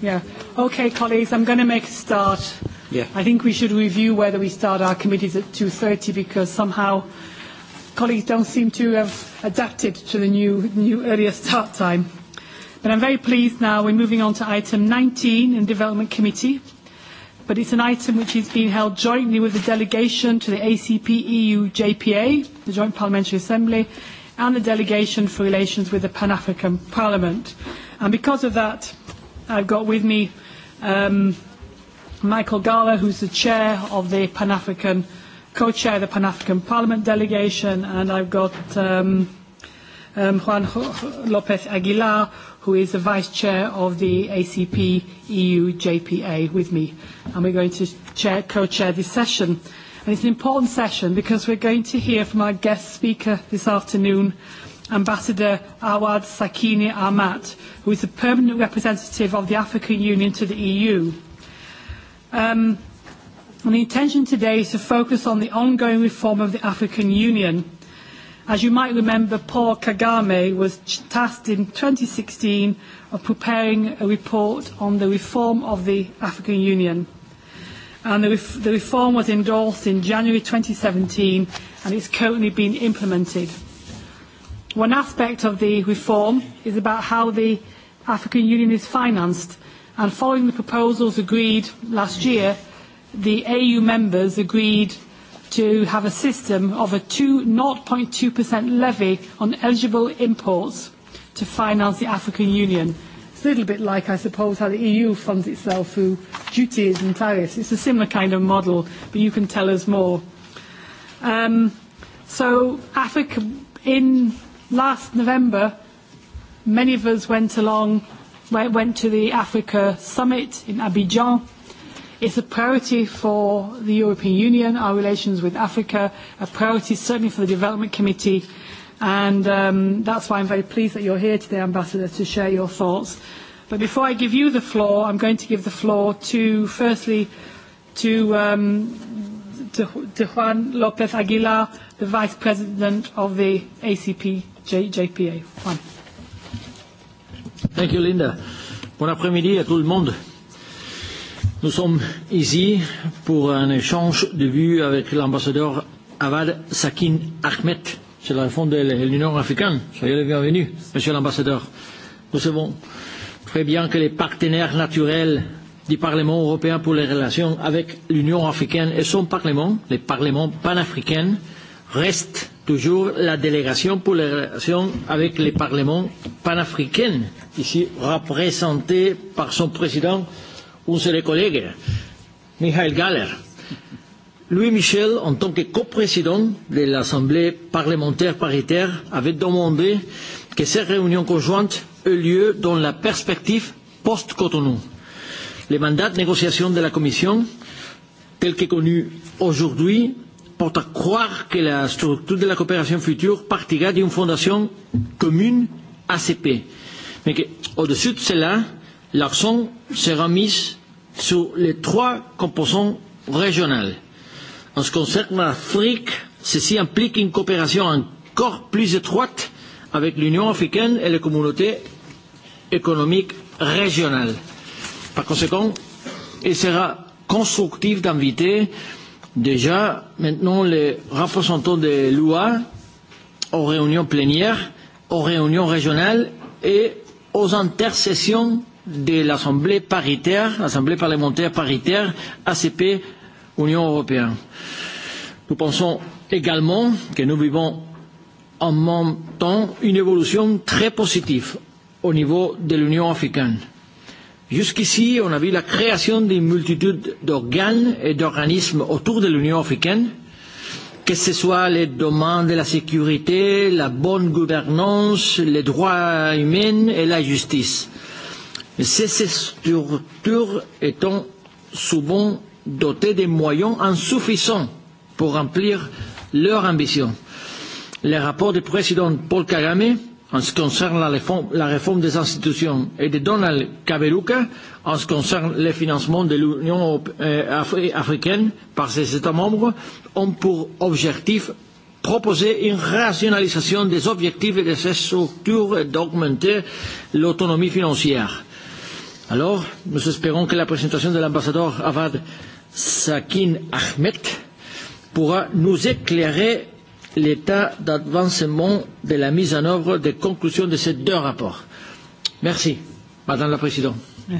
Yeah. Okay, colleagues, I'm going to make a start. Yeah. I think we should review whether we start our committees at 2.30 because somehow colleagues don't seem to have adapted to the new, new earlier start time. But I'm very pleased now we're moving on to item 19 in Development Committee. But it's an item which is being held jointly with the delegation to the ACP EU JPA, the Joint Parliamentary Assembly, and the delegation for relations with the Pan African Parliament. And because of that, I've got with me um, Michael Gala, who's the chair of the Pan African, co-chair of the Pan African Parliament delegation, and I've got um, um, Juan Lopez Aguilar, who is the vice chair of the ACP EU JPA, with me, and we're going to chair, co-chair this session. And it's an important session because we're going to hear from our guest speaker this afternoon Ambassador Awad Sakine Ahmad, who is the permanent representative of the African Union to the EU. Um, and the intention today is to focus on the ongoing reform of the African Union. As you might remember, Paul Kagame was tasked in 2016 of preparing a report on the reform of the African Union. And the, ref- the reform was endorsed in January 2017 and it's currently being implemented. One aspect of the reform is about how the African Union is financed, and following the proposals agreed last year, the AU members agreed to have a system of a 0.2% levy on eligible imports to finance the African Union. It's a little bit like, I suppose, how the EU funds itself through duties and tariffs. It's a similar kind of model, but you can tell us more. Um, so Africa, in last November, many of us went along, went to the Africa Summit in Abidjan. It's a priority for the European Union, our relations with Africa, a priority certainly for the Development Committee, and um, that's why I'm very pleased that you're here today, Ambassador, to share your thoughts. But before I give you the floor, I'm going to give the floor to, firstly, to, um, to, to Juan Lopez Aguilar, the Vice President of the ACP JPA. Juan. Thank you, Linda. Bon après-midi à tout le monde. Nous sommes ici pour un échange de vues avec l'ambassadeur Awad Sakin Ahmed. C'est la fond de l'Union africaine. Soyez le bienvenu, monsieur l'ambassadeur. Nous savons très bien que les partenaires naturels du Parlement européen pour les relations avec l'Union africaine et son Parlement, les parlements panafricains, restent toujours la délégation pour les relations avec le Parlement panafricain, ici représentée par son président, un seul collègue, Michael Galler. Louis Michel, en tant que coprésident de l'Assemblée parlementaire paritaire, avait demandé que ces réunions conjointes aient lieu dans la perspective post-Cotonou. Le mandat de négociation de la Commission, tel que connu aujourd'hui, porte à croire que la structure de la coopération future partira d'une fondation commune ACP. Mais au-dessus de cela, l'accent sera mis sur les trois composants régionales. En ce qui concerne l'Afrique, ceci implique une coopération encore plus étroite avec l'Union africaine et les communautés économiques régionales. Par conséquent, il sera constructif d'inviter déjà maintenant les représentants des lois aux réunions plénières, aux réunions régionales et aux intercessions de l'Assemblée paritaire, l'Assemblée parlementaire paritaire ACP Union européenne. Nous pensons également que nous vivons en même temps une évolution très positive au niveau de l'Union africaine Jusqu'ici, on a vu la création d'une multitude d'organes et d'organismes autour de l'Union africaine, que ce soit les domaines de la sécurité, la bonne gouvernance, les droits humains et la justice. Ces structures étant souvent dotées de moyens insuffisants pour remplir leurs ambitions. Le rapport du président Paul Kagame en ce qui concerne la réforme, la réforme des institutions et de Donald Kaberuka en ce qui concerne le financement de l'Union africaine par ses États membres ont pour objectif proposer une rationalisation des objectifs et de ces structures et d'augmenter l'autonomie financière. Alors, nous espérons que la présentation de l'ambassadeur Avad Sakin Ahmed pourra nous éclairer l'état d'avancement de la mise en œuvre des conclusions de ces deux rapports. Merci, Madame la Présidente.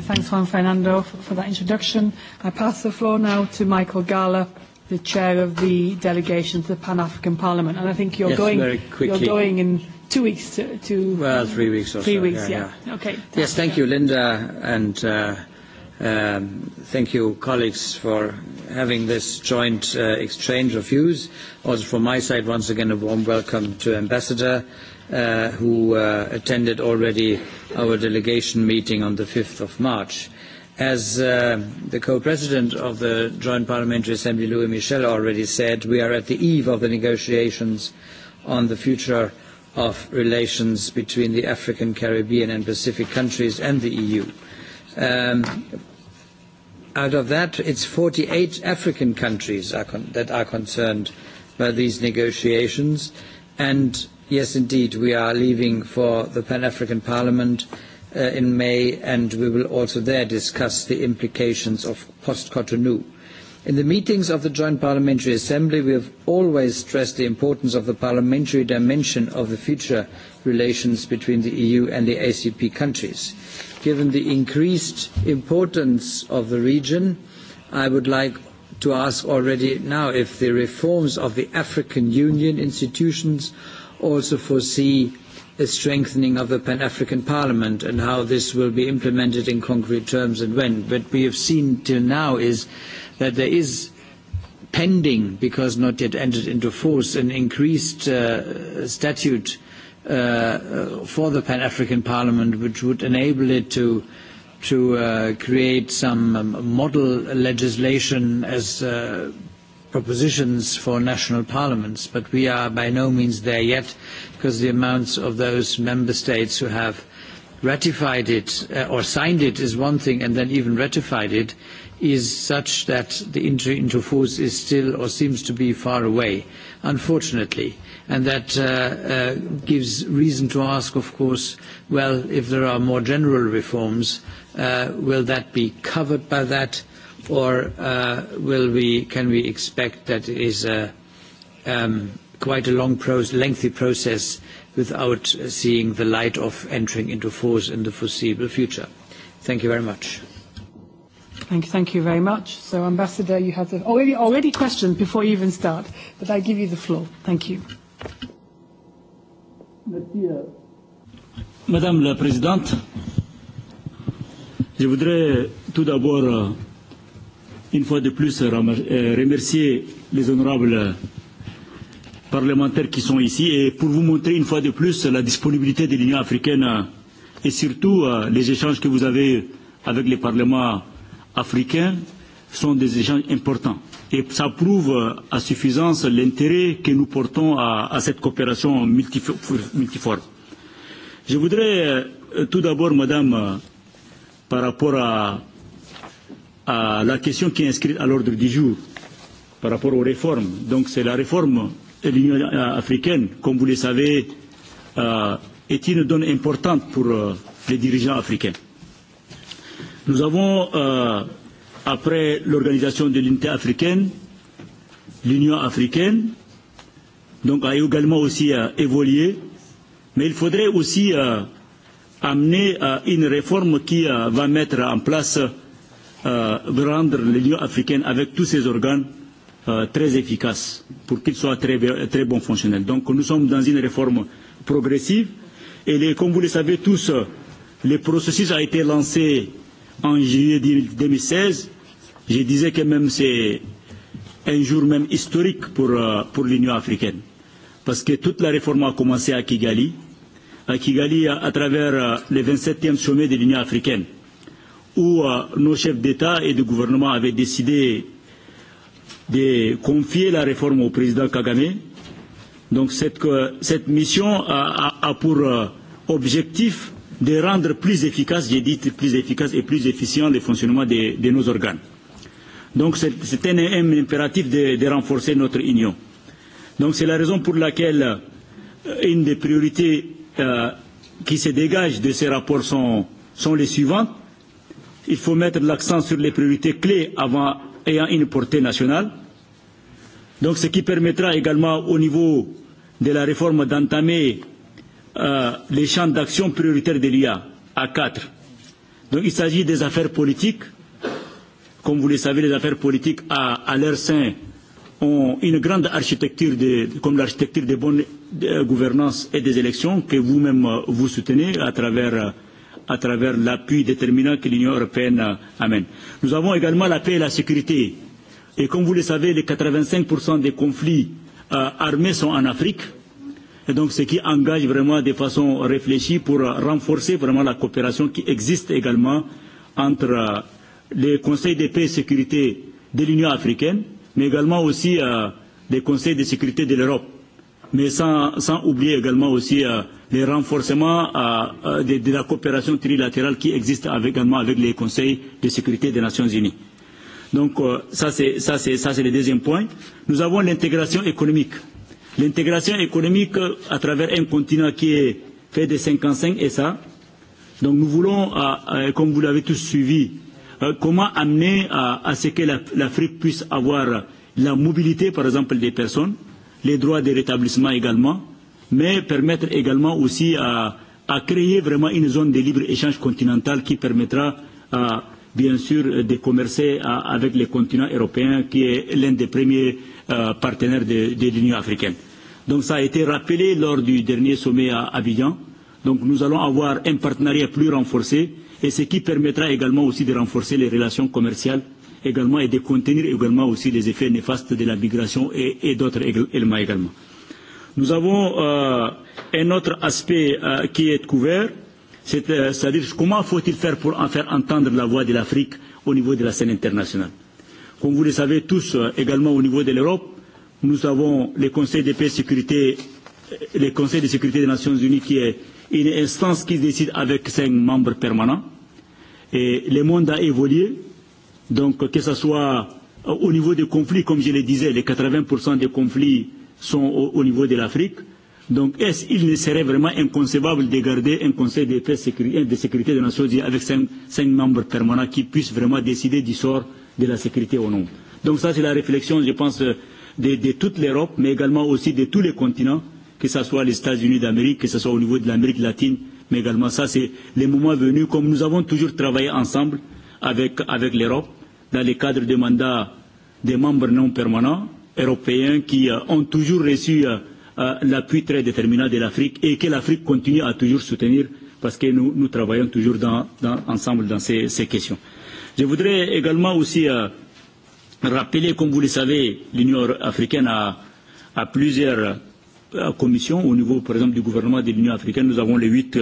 Thanks, Juan Fernando, for that introduction. I pass the floor now to Michael Gala, the chair of the delegation to the Pan-African Parliament. And I think you're yes, going you're going in two weeks to, to well, three weeks or three so. weeks, yeah. yeah. yeah. Okay. Yes, thank you, Linda and uh, Thank you, colleagues, for having this joint exchange of views. Also from my side, once again, a warm welcome to Ambassador, who attended already our delegation meeting on the 5th of March. As the co-president of the Joint Parliamentary Assembly, Louis Michel, already said, we are at the eve of the negotiations on the future of relations between the African, Caribbean and Pacific countries and the EU out of that, it's 48 African countries are con- that are concerned by these negotiations. And yes, indeed, we are leaving for the Pan African Parliament uh, in May, and we will also there discuss the implications of post Cotonou. In the meetings of the Joint Parliamentary Assembly, we have always stressed the importance of the parliamentary dimension of the future relations between the EU and the ACP countries. Given the increased importance of the region, I would like to ask already now if the reforms of the African Union institutions also foresee a strengthening of the Pan-African Parliament and how this will be implemented in concrete terms and when. What we have seen till now is that there is pending, because not yet entered into force, an increased uh, statute uh, for the Pan-African Parliament, which would enable it to to uh, create some um, model legislation as uh, propositions for national parliaments, but we are by no means there yet because the amounts of those member states who have ratified it uh, or signed it is one thing and then even ratified it is such that the entry into force is still or seems to be far away, unfortunately. And that uh, uh, gives reason to ask, of course, well, if there are more general reforms, uh, will that be covered by that, or uh, will we, can we expect that it is a, um, quite a long, pros lengthy process without seeing the light of entering into force in the foreseeable future? Thank you very much. Thank, thank you very much. So, Ambassador, you have the, already, already questioned before you even start, but I give you the floor. Thank you. Madame la Présidente, je voudrais tout d'abord, une fois de plus, remercier les honorables parlementaires qui sont ici et pour vous montrer une fois de plus la disponibilité de l'Union africaine et surtout les échanges que vous avez avec les parlements africains sont des échanges importants. Et ça prouve à suffisance l'intérêt que nous portons à, à cette coopération multiforme. Je voudrais tout d'abord, Madame, par rapport à, à la question qui est inscrite à l'ordre du jour, par rapport aux réformes. Donc c'est la réforme de l'Union africaine, comme vous le savez, euh, est une donne importante pour euh, les dirigeants africains. Nous avons, euh, après l'organisation de l'unité africaine, l'Union africaine, donc a également aussi euh, évolué, mais il faudrait aussi euh, amener euh, une réforme qui euh, va mettre en place, euh, rendre l'Union africaine avec tous ses organes euh, très efficace pour qu'il soit très, très bon fonctionnel. Donc nous sommes dans une réforme progressive et les, comme vous le savez tous, le processus a été lancé en juillet 2016. Je disais que même c'est un jour même historique pour, pour l'Union africaine. Parce que toute la réforme a commencé à Kigali, à Kigali à, travers le 27e sommet de l'Union africaine, où nos chefs d'État et de gouvernement avaient décidé de confier la réforme au président Kagame. Donc cette, cette mission a, a, a pour objectif de rendre plus efficace, j'ai dit plus efficace et plus efficient le fonctionnement de, de nos organes. Donc c'est un, un impératif de, de renforcer notre union. Donc c'est la raison pour laquelle une des priorités euh, qui se dégagent de ces rapports sont, sont les suivantes. Il faut mettre l'accent sur les priorités clés avant ayant une portée nationale. Donc ce qui permettra également au niveau de la réforme d'entamer les champs d'action prioritaires de l'IA à quatre. Donc il s'agit des affaires politiques. Comme vous le savez, les affaires politiques à, à leur sein ont une grande architecture de, comme l'architecture de bonne gouvernance et des élections que vous-même vous soutenez à travers, à travers l'appui déterminant que l'Union européenne amène. Nous avons également la paix et la sécurité. Et comme vous le savez, les 85% des conflits euh, armés sont en Afrique Et donc, ce qui engage vraiment de façon réfléchie pour renforcer vraiment la coopération qui existe également entre les conseils de paix et sécurité de l'Union africaine, mais également aussi les conseils de sécurité de l'Europe. Mais sans, sans oublier également aussi les renforcements de, de la coopération trilatérale qui existe avec, également avec les conseils de sécurité des Nations Unies. Donc ça c'est le deuxième point. Nous avons l'intégration économique. L'intégration économique à travers un continent qui est fait de 55 et ça. Donc nous voulons, comme vous l'avez tous suivi, comment amener à ce que l'Afrique puisse avoir la mobilité, par exemple, des personnes, les droits de rétablissement également, mais permettre également aussi à, à créer vraiment une zone de libre-échange continental qui permettra, à, bien sûr, de commercer avec les continents européens, qui est l'un des premiers partenaires de, de l'Union africaine. Donc ça a été rappelé lors du dernier sommet à Abidjan. Donc nous allons avoir un partenariat plus renforcé et ce qui permettra également aussi de renforcer les relations commerciales également et de contenir également aussi les effets néfastes de la migration et, et d'autres éléments également. Nous avons euh, un autre aspect euh, qui est couvert, c'est-à-dire comment faut-il faire pour en faire entendre la voix de l'Afrique au niveau de la scène internationale. Comme vous le savez tous, également au niveau de l'Europe, nous avons le Conseil de paix et sécurité, le Conseil de sécurité des Nations Unies qui est une instance qui décide avec cinq membres permanents. Et le monde a évolué, donc que ce soit au niveau des conflits, comme je le disais, les 80% des conflits sont au, au niveau de l'Afrique. Donc, est-ce qu'il ne serait vraiment inconcevable de garder un Conseil de paix de sécurité des Nations Unies avec cinq, cinq membres permanents qui puissent vraiment décider du sort euh, de la sécurité ou non. Donc ça, c'est la réflexion, je pense, de, de toute l'Europe, mais également aussi de tous les continents, que ce soit les États-Unis d'Amérique, que ce soit au niveau de l'Amérique latine, mais également ça, c'est le moment venu, comme nous avons toujours travaillé ensemble avec, avec l'Europe, dans le cadre des mandats des membres non permanents européens qui euh, ont toujours reçu euh, euh, l'appui très déterminant de l'Afrique et que l'Afrique continue à toujours soutenir parce que nous, nous travaillons toujours dans, dans, ensemble dans ces, ces questions. Je voudrais également aussi rappeler, comme vous le savez, l'Union africaine a, a plusieurs commissions au niveau, par exemple, du gouvernement de l'Union africaine. Nous avons les huit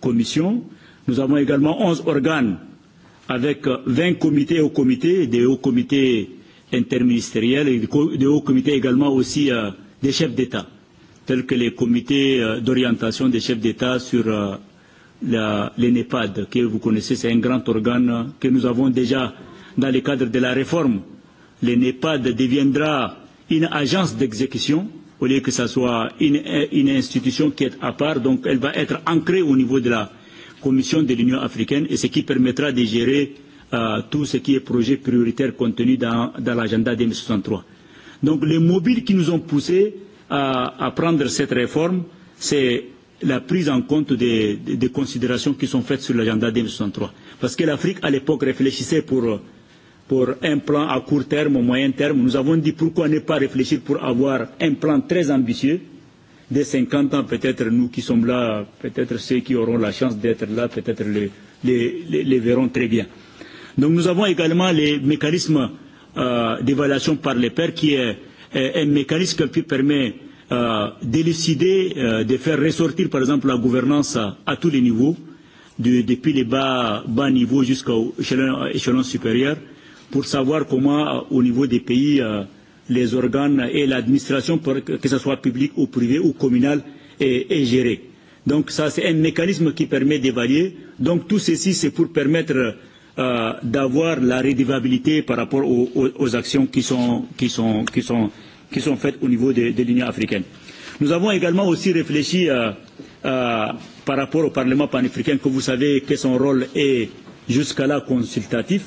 commissions. Nous avons également onze organes avec vingt comités hauts comités, des hauts comités interministériels et des hauts comités également aussi des chefs d'État, tels que les comités d'orientation des chefs d'État sur l'ENEPAD, que vous connaissez, c'est un grand organe que nous avons déjà dans le cadre de la réforme. L'ENEPAD deviendra une agence d'exécution au lieu que ce soit une, une institution qui est à part. Donc elle va être ancrée au niveau de la Commission de l'Union africaine et ce qui permettra de gérer euh, tout ce qui est projet prioritaire contenu dans, dans l'agenda 2063. Donc les mobiles qui nous ont poussés à, à prendre cette réforme, c'est la prise en compte des, des, des considérations qui sont faites sur l'agenda 2063. Parce que l'Afrique, à l'époque, réfléchissait pour, pour un plan à court terme, au moyen terme. Nous avons dit pourquoi ne pas réfléchir pour avoir un plan très ambitieux. Dès 50 ans, peut-être nous qui sommes là, peut-être ceux qui auront la chance d'être là, peut-être les, les, les, les verront très bien. Donc nous avons également les mécanismes euh, d'évaluation par les pairs qui est, est un mécanisme qui permet d'élucider, de faire ressortir par exemple la gouvernance à tous les niveaux, de, depuis les bas, bas niveaux jusqu'au échelon, échelon supérieur, pour savoir comment au niveau des pays les organes et l'administration, que ce soit public ou privé ou communal, est, est gérée. Donc ça, c'est un mécanisme qui permet d'évaluer. Donc tout ceci, c'est pour permettre euh, d'avoir la redevabilité par rapport aux, aux, aux actions qui sont, qui sont, qui sont, qui sont faites au niveau de, de l'Union africaine. Nous avons également aussi réfléchi euh, euh, par rapport au Parlement panafricain, que vous savez que son rôle est jusqu'à là consultatif.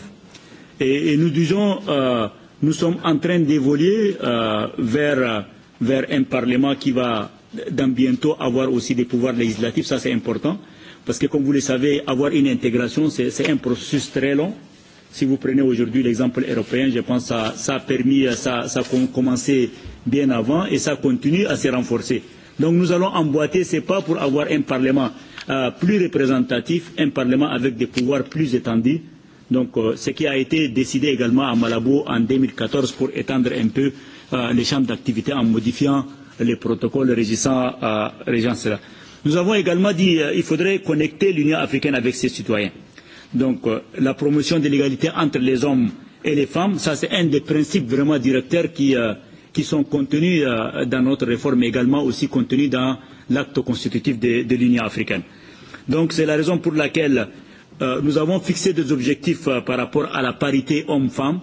Et, et nous disons, euh, nous sommes en train d'évoluer euh, vers, vers un Parlement qui va dans bientôt avoir aussi des pouvoirs législatifs, ça c'est important, parce que comme vous le savez, avoir une intégration, c'est un processus très long Si vous prenez aujourd'hui l'exemple européen, je pense que ça, ça a permis, ça, ça a commencé bien avant et ça continue à se renforcer. Donc nous allons emboîter ces pas pour avoir un Parlement euh, plus représentatif, un Parlement avec des pouvoirs plus étendus. Donc euh, ce qui a été décidé également à Malabo en 2014 pour étendre un peu euh, les champs d'activité en modifiant les protocoles régissant, euh, régissant cela. Nous avons également dit qu'il euh, faudrait connecter l'Union africaine avec ses citoyens. Donc la promotion de l'égalité entre les hommes et les femmes, ça c'est un des principes vraiment directeurs qui, euh, qui sont contenus euh, dans notre réforme, mais également aussi contenus dans l'acte constitutif de, de l'Union africaine. Donc c'est la raison pour laquelle euh, nous avons fixé des objectifs euh, par rapport à la parité hommes-femmes.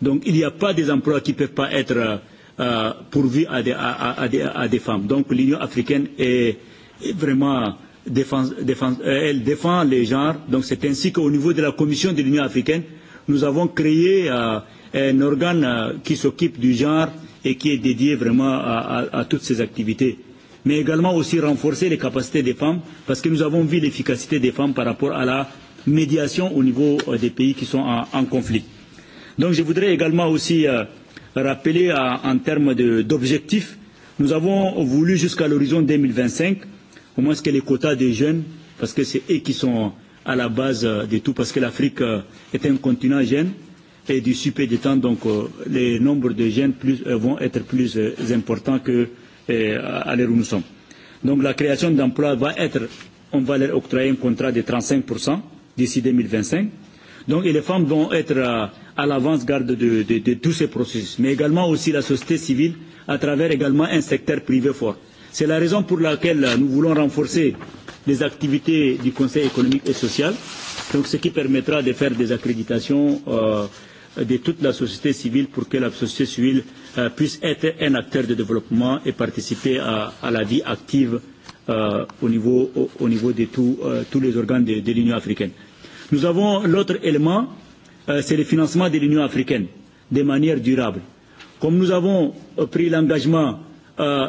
Donc il n'y a pas des emplois qui ne peuvent pas être euh, pourvus à des, à, à, à des, à des femmes. Donc l'Union africaine est vraiment défend, défend, elle défend les genres. Donc c'est ainsi qu'au niveau de la Commission de l'Union africaine, nous avons créé euh, un organe euh, qui s'occupe du genre et qui est dédié vraiment à, à, à toutes ces activités. Mais également aussi renforcer les capacités des femmes, parce que nous avons vu l'efficacité des femmes par rapport à la médiation au niveau euh, des pays qui sont en, en conflit. Donc je voudrais également aussi euh, rappeler à, en termes d'objectifs, nous avons voulu jusqu'à l'horizon 2025 au moins que les quotas des jeunes, parce que c'est eux qui sont à la base de tout, parce que l'Afrique est un continent jeune, et du super du temps, donc les nombres de jeunes plus, vont être plus importants qu'à l'heure où nous sommes. Donc la création d'emplois va être, on va leur octroyer un contrat de 35% d'ici 2025. Donc et les femmes vont être à l'avance-garde de, de, de tous ces processus, mais également aussi la société civile à travers également un secteur privé fort C'est la raison pour laquelle nous voulons renforcer les activités du Conseil économique et social, donc ce qui permettra de faire des accréditations euh, de toute la société civile pour que la société civile euh, puisse être un acteur de développement et participer à, à la vie active euh, au, niveau, au, au niveau de tout, euh, tous les organes de, de l'Union africaine. Nous avons l'autre élément, euh, c'est le financement de l'Union africaine de manière durable. Comme nous avons pris l'engagement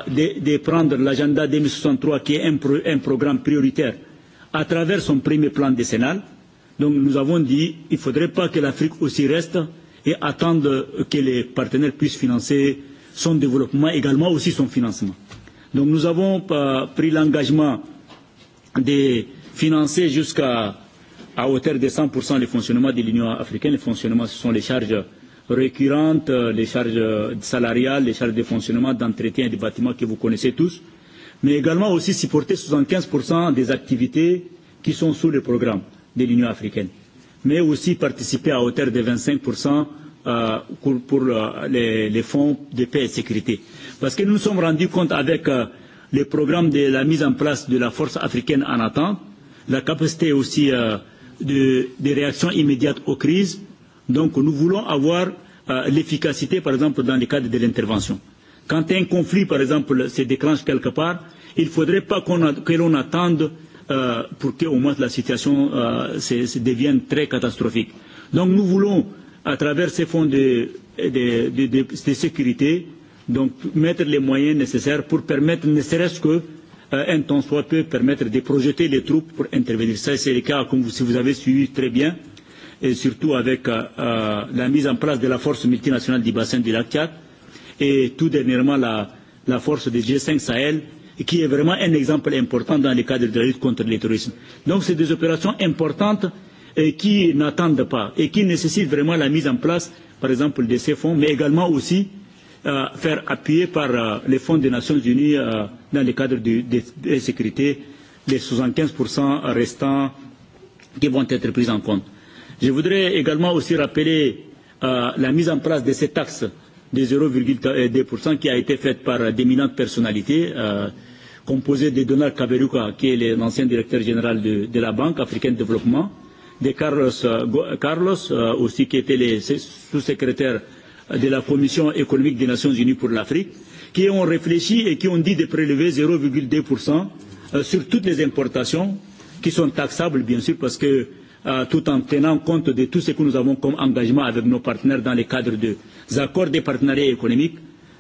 de, de prendre l'agenda 2063 qui est un, pro, un programme prioritaire à travers son premier plan décennal. Donc nous avons dit qu'il ne faudrait pas que l'Afrique aussi reste et attendre que les partenaires puissent financer son développement, également aussi son financement. Donc nous avons pris l'engagement de financer jusqu'à à hauteur de 100% le fonctionnement de l'Union africaine. Le fonctionnement, ce sont les charges récurrentes, les charges salariales, les charges de fonctionnement, d'entretien des bâtiments que vous connaissez tous, mais également aussi supporter 75% des activités qui sont sous le programme de l'Union africaine, mais aussi participer à hauteur de 25% pour, pour les, les fonds de paix et de sécurité. Parce que nous nous sommes rendus compte avec le programme de la mise en place de la force africaine en attente, la capacité aussi de, de réaction immédiate aux crises, Donc nous voulons avoir euh, l'efficacité, par exemple, dans le cadre de l'intervention. Quand un conflit, par exemple, se déclenche quelque part, il ne faudrait pas qu'on que l'on attende euh, pour qu'au moins la situation euh, se, se devienne très catastrophique. Donc nous voulons, à travers ces fonds de, de, de, de, de sécurité, donc mettre les moyens nécessaires pour permettre, ne serait-ce que euh, un temps soit peu, permettre de projeter les troupes pour intervenir. Ça, c'est le cas, comme vous, si vous avez suivi très bien, euh, et surtout avec euh, la mise en place de la force multinationale du bassin du lac Tchad et tout dernièrement la, la force des G5 Sahel qui est vraiment un exemple important dans le cadre de la lutte contre le terrorisme. Donc c'est des opérations importantes et qui n'attendent pas et qui nécessitent vraiment la mise en place, par exemple, de ces fonds, mais également aussi euh, faire appuyer par euh, les fonds des Nations Unies euh, dans le cadre de, de, de sécurité les 75% restants qui vont être pris en compte. Je voudrais également aussi rappeler euh, la mise en place de cette taxe de 0,2% qui a été faite par d'éminentes personnalités, euh, composées de Donald Kaberuka, qui est l'ancien directeur général de, de la Banque africaine de développement, de Carlos, euh, Carlos euh, aussi qui était le sous-secrétaire de la Commission économique des Nations Unies pour l'Afrique, qui ont réfléchi et qui ont dit de prélever 0,2% sur toutes les importations qui sont taxables, bien sûr, parce que tout en tenant compte de tout ce que nous avons comme engagement avec nos partenaires dans le cadre des accords de partenariat économique.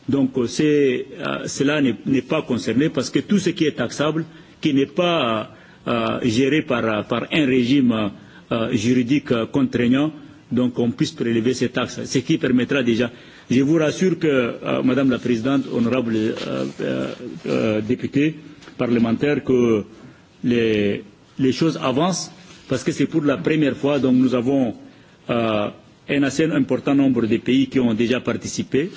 Donc euh, euh, cela n'est pas concerné parce que tout ce qui est taxable, qui n'est pas euh, géré par, par un régime euh, juridique contraignant, donc on puisse prélever ces taxes, ce qui permettra déjà. Je vous rassure que, euh, Madame la Présidente, honorable euh, euh, député parlementaire, que les, les choses avancent parce que c'est pour la première fois, donc nous avons euh, un assez important nombre de pays qui ont déjà participé.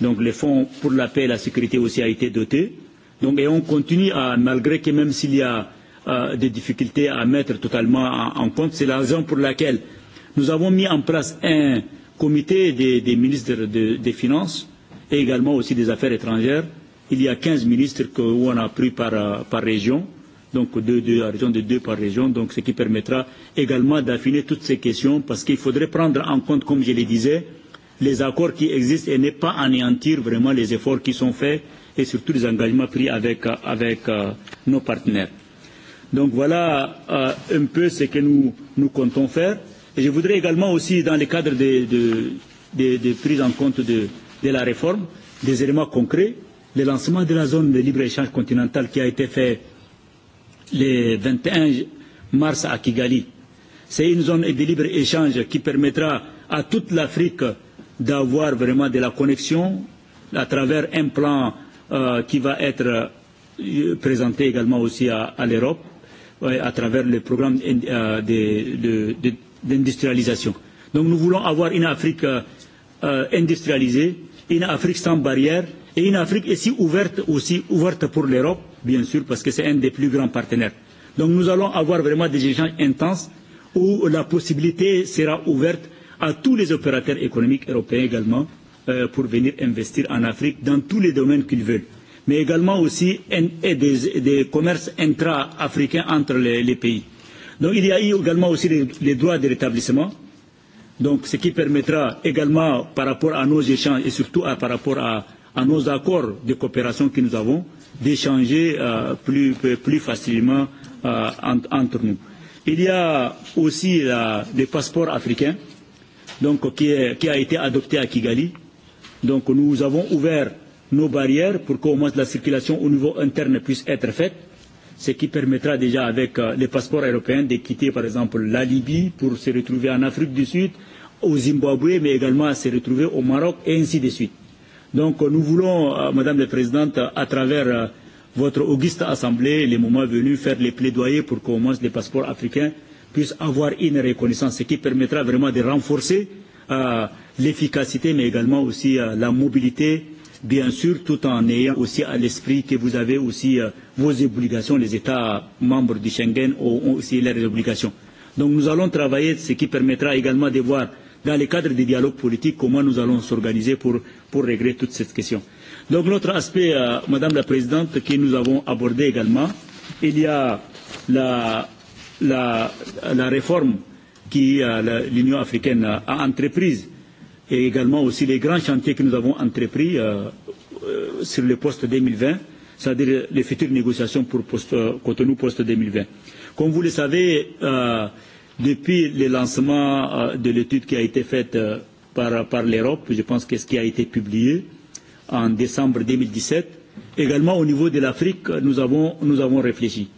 Donc le fonds pour la paix et la sécurité aussi a été doté. Donc, et on continue à, malgré que même s'il y a euh, des difficultés à mettre totalement en, en compte, c'est la raison pour laquelle nous avons mis en place un comité des, des ministres de, des Finances et également aussi des Affaires étrangères. Il y a 15 ministres que, où on a pris par, par région. Euh, donc de, de la région de deux par région, donc ce qui permettra également d'affiner toutes ces questions parce qu'il faudrait prendre en compte, comme je le disais, les accords qui existent et ne pas anéantir vraiment les efforts qui sont faits et surtout les engagements pris avec, avec euh, nos partenaires. Donc voilà euh, un peu ce que nous, nous comptons faire. Et je voudrais également aussi, dans le cadre de, de, de, de prise en compte de, de la réforme, des éléments concrets, le lancement de la zone de libre-échange continentale qui a été fait le 21 mars à Kigali. C'est une zone de libre-échange qui permettra à toute l'Afrique d'avoir vraiment de la connexion à travers un plan euh, qui va être présenté également aussi à, à l'Europe à travers le programme d'industrialisation. Donc nous voulons avoir une Afrique euh, industrialisée une Afrique sans barrières et une Afrique aussi ouverte, aussi ouverte pour l'Europe, bien sûr, parce que c'est un des plus grands partenaires. Donc nous allons avoir vraiment des échanges intenses où la possibilité sera ouverte à tous les opérateurs économiques européens également euh, pour venir investir en Afrique dans tous les domaines qu'ils veulent. Mais également aussi et des, des commerces intra-africains entre les, les pays. Donc il y a eu également aussi les, les droits de rétablissement Donc, ce qui permettra également, par rapport à nos échanges et surtout à, par rapport à, à nos accords de coopération que nous avons, d'échanger euh, plus, plus facilement euh, entre, entre nous. Il y a aussi la, le passeport africain, donc, qui, est, qui a été adopté à Kigali. Donc, nous avons ouvert nos barrières pour qu'au moins la circulation au niveau interne puisse être faite ce qui permettra déjà avec les passeports européens de quitter par exemple la Libye pour se retrouver en Afrique du Sud, au Zimbabwe, mais également à se retrouver au Maroc et ainsi de suite. Donc nous voulons, Madame la Présidente, à travers votre auguste assemblée, les moments venus, faire les plaidoyers pour qu'au moins les passeports africains puissent avoir une reconnaissance, ce qui permettra vraiment de renforcer l'efficacité, mais également aussi la mobilité, bien sûr, tout en ayant aussi à l'esprit que vous avez aussi vos obligations, les États membres du Schengen ont aussi leurs obligations. Donc nous allons travailler, ce qui permettra également de voir dans le cadre du dialogue politique, comment nous allons s'organiser pour, pour régler toute cette question. Donc l'autre aspect, euh, Madame la Présidente, que nous avons abordé également, il y a la, la, la réforme que euh, l'Union africaine a entreprise et également aussi les grands chantiers que nous avons entrepris euh, euh, sur le poste 2020, c'est-à-dire les futures négociations pour poste, euh, Cotonou poste 2020. Comme vous le savez, euh, depuis le lancement de l'étude qui a été faite par, par l'Europe, je pense que ce qui a été publié en décembre 2017, également au niveau de l'Afrique, nous avons, nous avons réfléchi.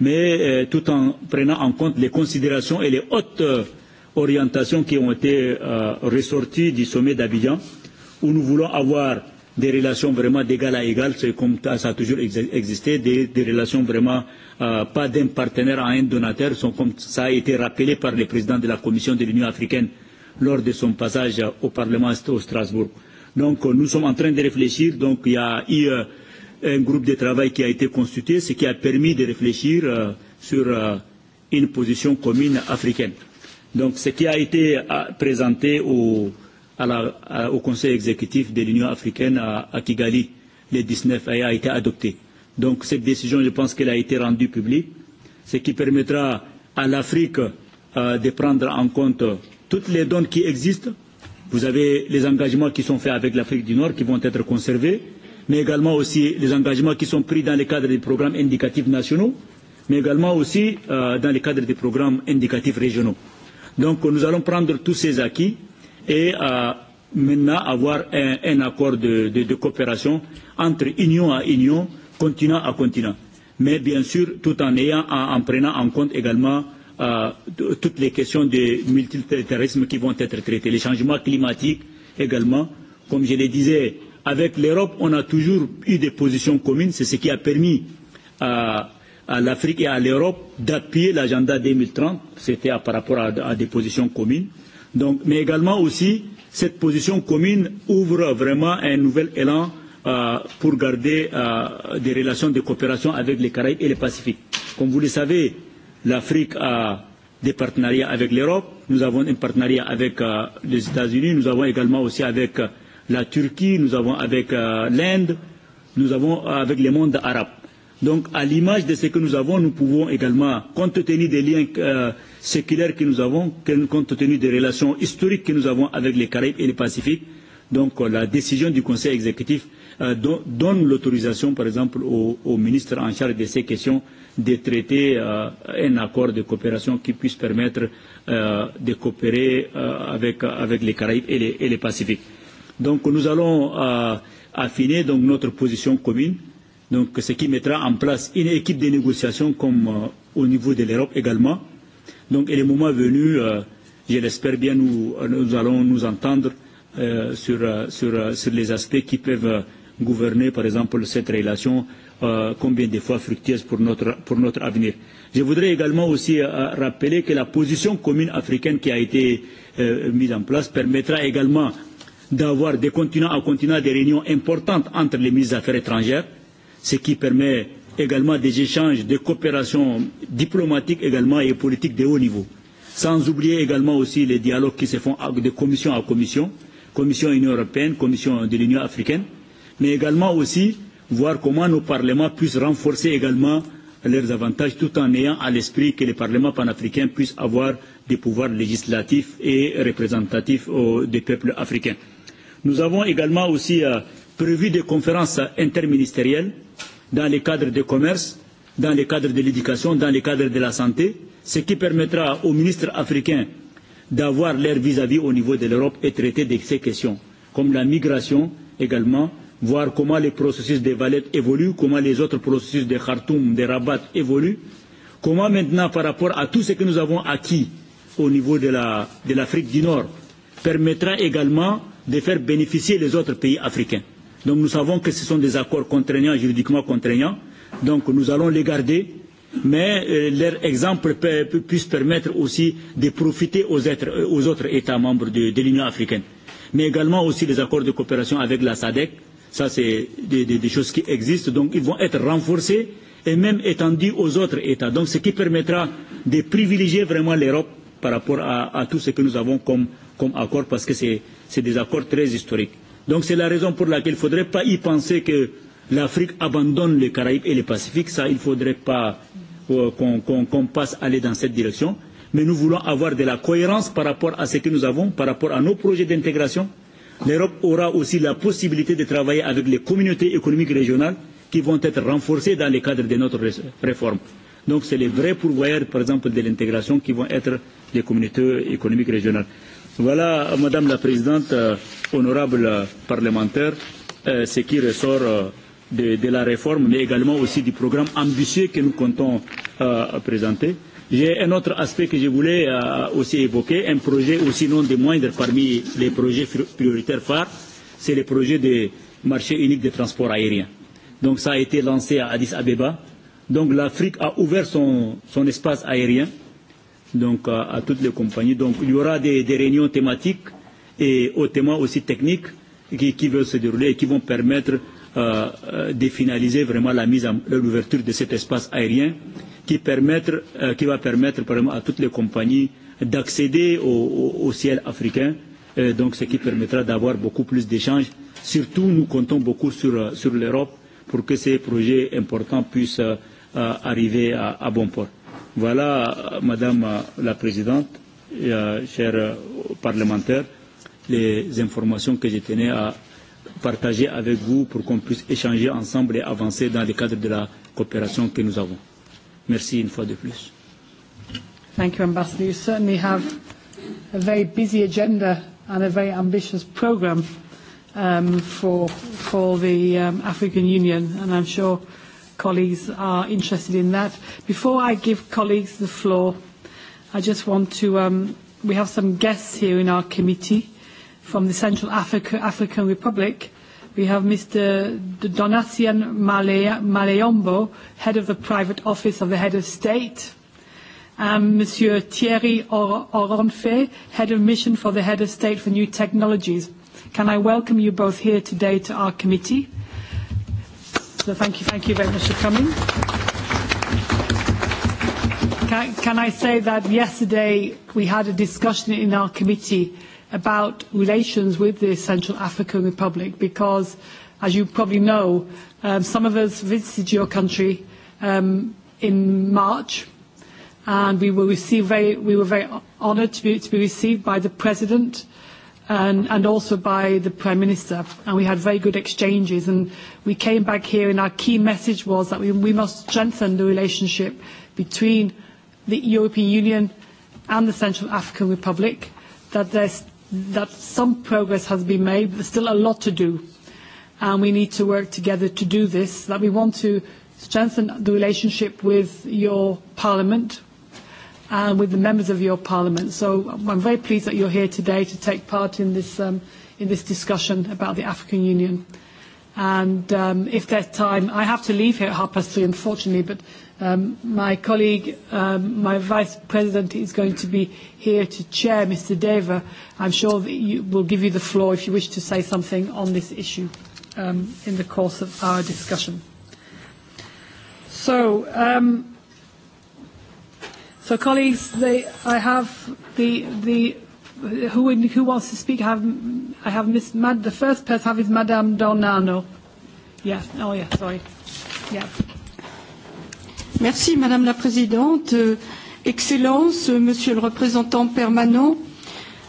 Mais euh, tout en prenant en compte les considérations et les hautes euh, orientations qui ont été euh, ressorties du sommet d'Abidjan, où nous voulons avoir des relations vraiment d'égal à égal, c'est comme ça a toujours existé, des, des relations vraiment euh, pas d'un partenaire à un donateur, sont comme ça a été rappelé par le président de la Commission de l'Union africaine lors de son passage au Parlement au Strasbourg. Donc nous sommes en train de réfléchir, donc il y a eu euh, un groupe de travail qui a été constitué, ce qui a permis de réfléchir euh, sur euh, une position commune africaine. Donc ce qui a été présenté au à la, à, au Conseil exécutif de l'Union africaine à, à Kigali le 19 et a été adoptée. Donc cette décision, je pense qu'elle a été rendue publique, ce qui permettra à l'Afrique euh, de prendre en compte toutes les dons qui existent. Vous avez les engagements qui sont faits avec l'Afrique du Nord qui vont être conservés, mais également aussi les engagements qui sont pris dans le cadre des programmes indicatifs nationaux, mais également aussi euh, dans le cadre des programmes indicatifs régionaux. Donc nous allons prendre tous ces acquis et à maintenant avoir un, un accord de, de, de coopération entre union à union, continent à continent. Mais bien sûr, tout en, ayant, en, en prenant en compte également euh, toutes les questions de multilatéralisme qui vont être traitées, les changements climatiques également. Comme je le disais, avec l'Europe, on a toujours eu des positions communes. C'est ce qui a permis à, à l'Afrique et à l'Europe d'appuyer l'agenda 2030. C'était par rapport à, à des positions communes. Donc, mais également aussi, cette position commune ouvre vraiment un nouvel élan euh, pour garder euh, des relations de coopération avec les Caraïbes et le Pacifique. Comme vous le savez, l'Afrique a des partenariats avec l'Europe, nous avons un partenariat avec euh, les États-Unis, nous avons également aussi avec euh, la Turquie, nous avons avec euh, l'Inde, nous avons avec le monde arabe. Donc, à l'image de ce que nous avons, nous pouvons également, compte tenu des liens euh, séculaires que nous avons, compte tenu des relations historiques que nous avons avec les Caraïbes et le Pacifique, donc la décision du Conseil exécutif euh, don, donne l'autorisation, par exemple, au, au ministre en charge de ces questions de traiter euh, un accord de coopération qui puisse permettre euh, de coopérer euh, avec, avec les Caraïbes et les, et les Pacifiques. Donc, nous allons euh, affiner donc, notre position commune Donc, ce qui mettra en place une équipe de négociation comme euh, au niveau de l'Europe également. Donc, et le moment venu, euh, je l'espère bien, nous, nous allons nous entendre euh, sur, sur, sur les aspects qui peuvent gouverner, par exemple, cette relation, euh, combien de fois fructueuse pour notre, pour notre avenir. Je voudrais également aussi euh, rappeler que la position commune africaine qui a été euh, mise en place permettra également d'avoir des continents à continents des réunions importantes entre les ministres des Affaires étrangères, ce qui permet également des échanges de coopération diplomatique également et politique de haut niveau. Sans oublier également aussi les dialogues qui se font de commission à commission, commission Union européenne, commission de l'Union africaine, mais également aussi voir comment nos parlements puissent renforcer également leurs avantages tout en ayant à l'esprit que les parlements panafricains puissent avoir des pouvoirs législatifs et représentatifs des peuples africains. Nous avons également aussi prévu des conférences interministérielles dans le cadre du commerce, dans le cadre de l'éducation, dans le cadre de la santé, ce qui permettra aux ministres africains d'avoir leur vis-à-vis au niveau de l'Europe et traiter de ces questions, comme la migration également, voir comment le processus de Valette évolue, comment les autres processus de Khartoum, de Rabat évoluent, comment maintenant par rapport à tout ce que nous avons acquis au niveau de l'Afrique du Nord, permettra également de faire bénéficier les autres pays africains. Donc nous savons que ce sont des accords contraignants, juridiquement contraignants. Donc nous allons les garder, mais leur exemple puisse permettre aussi de profiter aux, êtres, aux autres États membres de, de l'Union africaine. Mais également aussi les accords de coopération avec la SADEC. Ça, c'est des, des, des choses qui existent. Donc ils vont être renforcés et même étendus aux autres États. Donc ce qui permettra de privilégier vraiment l'Europe par rapport à, à tout ce que nous avons comme, comme accord, parce que c'est des accords très historiques. Donc c'est la raison pour laquelle il ne faudrait pas y penser que l'Afrique abandonne les Caraïbes et le Pacifique. Ça, il ne faudrait pas qu'on qu qu passe aller dans cette direction. Mais nous voulons avoir de la cohérence par rapport à ce que nous avons, par rapport à nos projets d'intégration. L'Europe aura aussi la possibilité de travailler avec les communautés économiques régionales qui vont être renforcées dans le cadre de notre réforme. Donc c'est les vrais pourvoyeurs, par exemple, de l'intégration qui vont être les communautés économiques régionales. Voilà, Madame la Présidente, euh, honorable parlementaire, euh, ce qui ressort euh, de, de la réforme, mais également aussi du programme ambitieux que nous comptons euh, présenter. J'ai un autre aspect que je voulais euh, aussi évoquer, un projet aussi non des moindres parmi les projets prioritaires phares, c'est le projet de marché unique des transports aériens. Donc ça a été lancé à Addis Abeba. Donc l'Afrique a ouvert son, son espace aérien donc à, à toutes les compagnies. Donc il y aura des, des réunions thématiques et aux témoins aussi techniques qui, qui veulent se dérouler et qui vont permettre euh, de finaliser vraiment la mise en l'ouverture de cet espace aérien qui, permettre, euh, qui va permettre vraiment à toutes les compagnies d'accéder au, au, au ciel africain, euh, donc ce qui permettra d'avoir beaucoup plus d'échanges. Surtout, nous comptons beaucoup sur, sur l'Europe pour que ces projets importants puissent euh, arriver à, à bon port. Voilà, Madame la Présidente, et, euh, chers parlementaires, les informations que je tenais à partager avec vous pour qu'on puisse échanger ensemble et avancer dans le cadre de la coopération que nous avons. Merci une fois de plus. Thank you, Ambassador. You certainly have a very busy agenda and a very ambitious program um, for, for the um, African Union, and I'm sure colleagues are interested in that. Before I give colleagues the floor, I just want to, um, we have some guests here in our committee from the Central Africa, African Republic. We have Mr. Donatian Maleombo, head of the private office of the head of state. Um, Monsieur Thierry Oronfe, head of mission for the head of state for new technologies. Can I welcome you both here today to our committee? Councillor, thank you, thank you very much for coming. Can, can I say that yesterday we had a discussion in our committee about relations with the Central African Republic because, as you probably know, um, some of us visited your country um, in March and we were, received very, we were very honoured to be, to be received by the President and, and also by the Prime Minister. And we had very good exchanges. And we came back here, and our key message was that we, we must strengthen the relationship between the European Union and the Central African Republic, that, there's, that some progress has been made, but there's still a lot to do. And we need to work together to do this, that we want to strengthen the relationship with your parliament, and with the members of your parliament. So I'm very pleased that you're here today to take part in this, um, in this discussion about the African Union. And um, if there's time, I have to leave here at half past three, unfortunately, but um, my colleague, um, my vice president, is going to be here to chair Mr. Deva. I'm sure that you, will give you the floor if you wish to say something on this issue um, in the course of our discussion. So, um, So, colleagues, they, I have the the who would, who wants to speak? I have I have Miss Mad. The first person I have is Madame Donano. Yes. Oh, yeah. Sorry. Yeah. Merci, Madame la Présidente. Excellences, Monsieur le représentant permanent,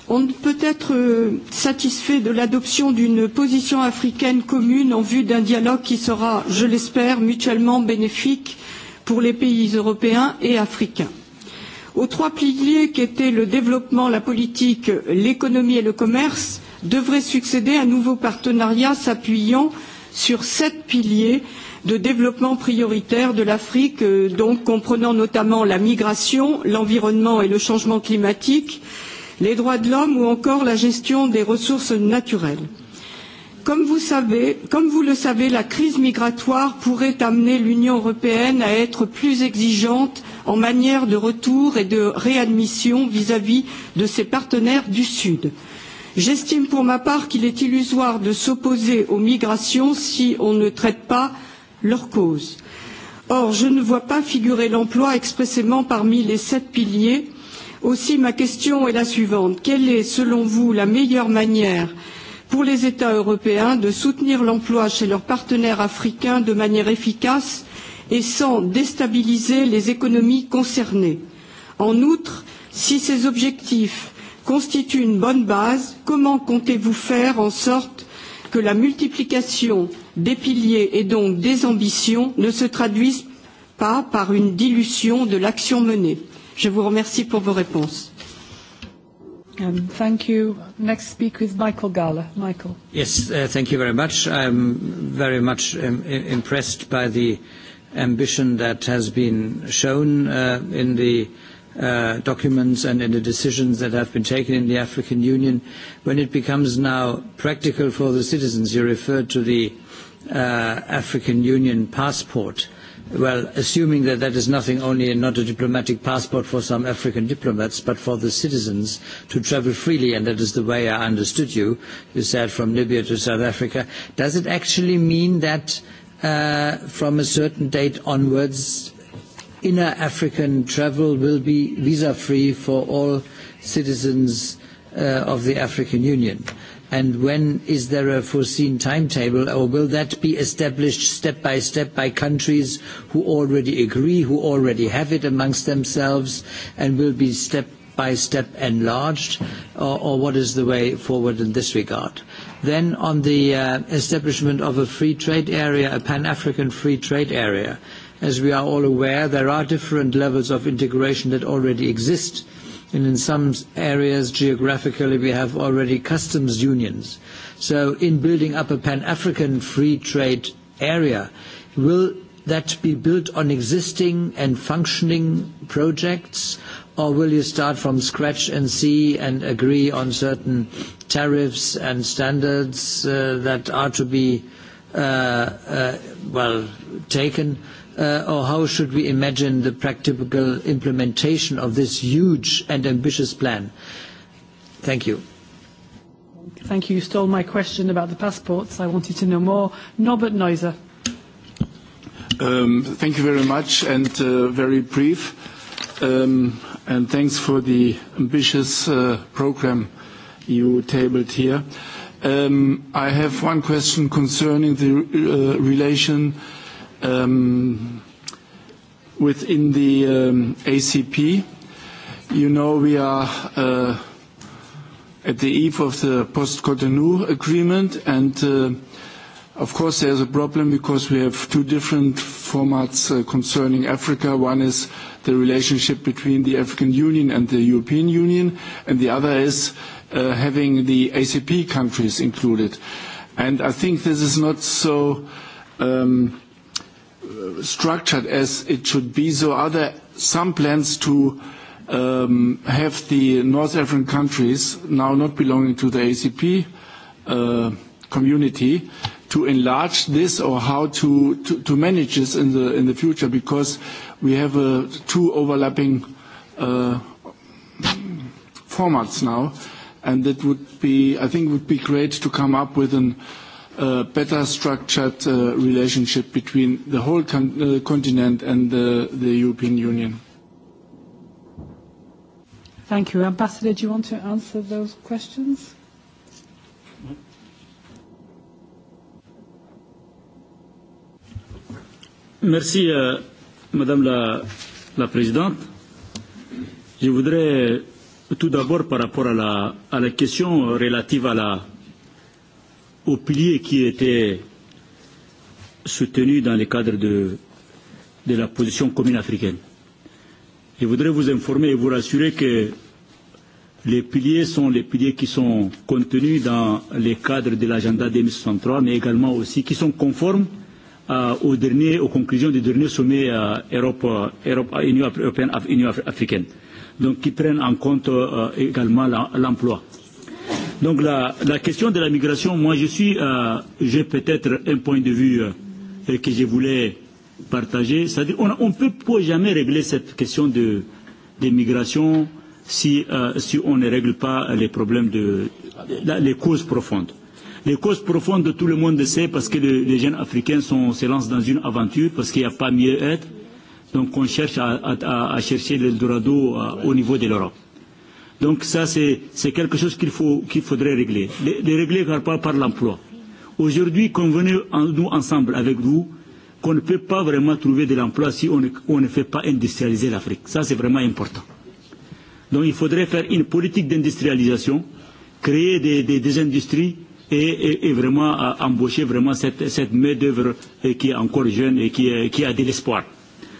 on ne peut être satisfait de l'adoption d'une position africaine commune en vue d'un dialogue qui sera, je l'espère, mutuellement bénéfique pour les pays européens et africains aux trois piliers qu'étaient le développement, la politique, l'économie et le commerce, devrait succéder un nouveau partenariat s'appuyant sur sept piliers de développement prioritaire de l'Afrique, donc comprenant notamment la migration, l'environnement et le changement climatique, les droits de l'homme ou encore la gestion des ressources naturelles. Comme vous, le savez, la crise migratoire pourrait amener l'Union européenne à être plus exigeante en manière de retour et de réadmission vis-à-vis de ses partenaires du Sud. J'estime pour ma part qu'il est illusoire de s'opposer aux migrations si on ne traite pas leur cause. Or, je ne vois pas figurer l'emploi expressément parmi les sept piliers. Aussi, ma question est la suivante. Quelle est, selon vous, la meilleure manière pour les États européens de soutenir l'emploi chez leurs partenaires africains de manière efficace et sans déstabiliser les économies concernées. En outre, si ces objectifs constituent une bonne base, comment comptez-vous faire en sorte que la multiplication des piliers et donc des ambitions ne se traduise pas par une dilution de l'action menée Je vous remercie pour vos réponses. Um, thank you. Next speaker is Michael Gala. Michael. Yes, uh, thank you very much. I'm very much um, impressed by the uh, ambition that has been shown in the documents and in the decisions that have been taken in the African Union, when it becomes now practical for the citizens, you referred to the African Union passport. Well, assuming that that is nothing only and not a diplomatic passport for some African diplomats, but for the citizens to travel freely, and that is the way I understood you. You said from Libya to South Africa. Does it actually mean that from a certain date onwards, inner African travel will be visa-free for all citizens of the African Union? And when is there a foreseen timetable, or will that be established step by step by countries who already agree, who already have it amongst themselves, and will be step by step enlarged, or what is the way forward in this regard? Then on the uh, establishment of a free trade area, a Pan-African free trade area. As we are all aware, there are different levels of integration that already exist. And in some areas, geographically, we have already customs unions. So in building up a Pan-African free trade area, will that be built on existing and functioning projects or will you start from scratch and see and agree on certain tariffs and standards that are to be well taken? Or how should we imagine the practical implementation of this huge and ambitious plan? Thank you. Thank you. You stole my question about the passports. I wanted to know more. Norbert Neuser. Thank you very much, and very brief. Um and thanks for the ambitious program you tabled here. I have one question concerning the relation within the ACP. You know, we are at the eve of the post-Cotonou agreement, and of course, there's a problem because we have two different formats concerning Africa. One is the relationship between the African Union and the European Union, and the other is uh, having the ACP countries included. And I think this is not so um, structured as it should be. So are there some plans to um, have the North African countries now not belonging to the ACP uh, community to enlarge this or how to to manage this in the in the future because we have two overlapping formats now, and that would be, I think, would be great to come up with a better structured relationship between the whole continent and the European Union. Thank you. Ambassador, do you want to answer those questions? Merci, euh, Madame la, la Présidente. Je voudrais tout d'abord, par rapport à la, à la question relative à la, au pilier qui était soutenu dans le cadre de, de la position commune africaine. Je voudrais vous informer et vous rassurer que les piliers sont les piliers qui sont contenus dans les cadres de l'agenda 2063, mais également aussi qui sont conformes au dernier, aux conclusions du dernier sommet euh, Europe, Europe, Union européenne, Union africaine, donc qui prennent en compte euh, également l'emploi. Donc la, la question de la migration, moi je suis, euh, j'ai peut-être un point de vue euh, que je voulais partager, c'est-à-dire on ne peut jamais régler cette question de, de migration si, euh, si on ne règle pas les problèmes de, les causes profondes. Les causes profondes de tout le monde le sait parce que le, les jeunes africains sont, se lancent dans une aventure parce qu'il n'y a pas mieux être. Donc on cherche à, à, à chercher l'Eldorado au niveau de l'Europe. Donc ça c'est quelque chose qu'il faut qu'il faudrait régler. Les, les régler par, par l'emploi. Aujourd'hui, convenez en, nous ensemble avec vous qu'on ne peut pas vraiment trouver de l'emploi si on ne, on ne fait pas industrialiser l'Afrique. Ça c'est vraiment important. Donc il faudrait faire une politique d'industrialisation, créer des, des, des industries et, et, et vraiment embaucher vraiment cette, cette main d'œuvre qui est encore jeune et qui, qui a de l'espoir.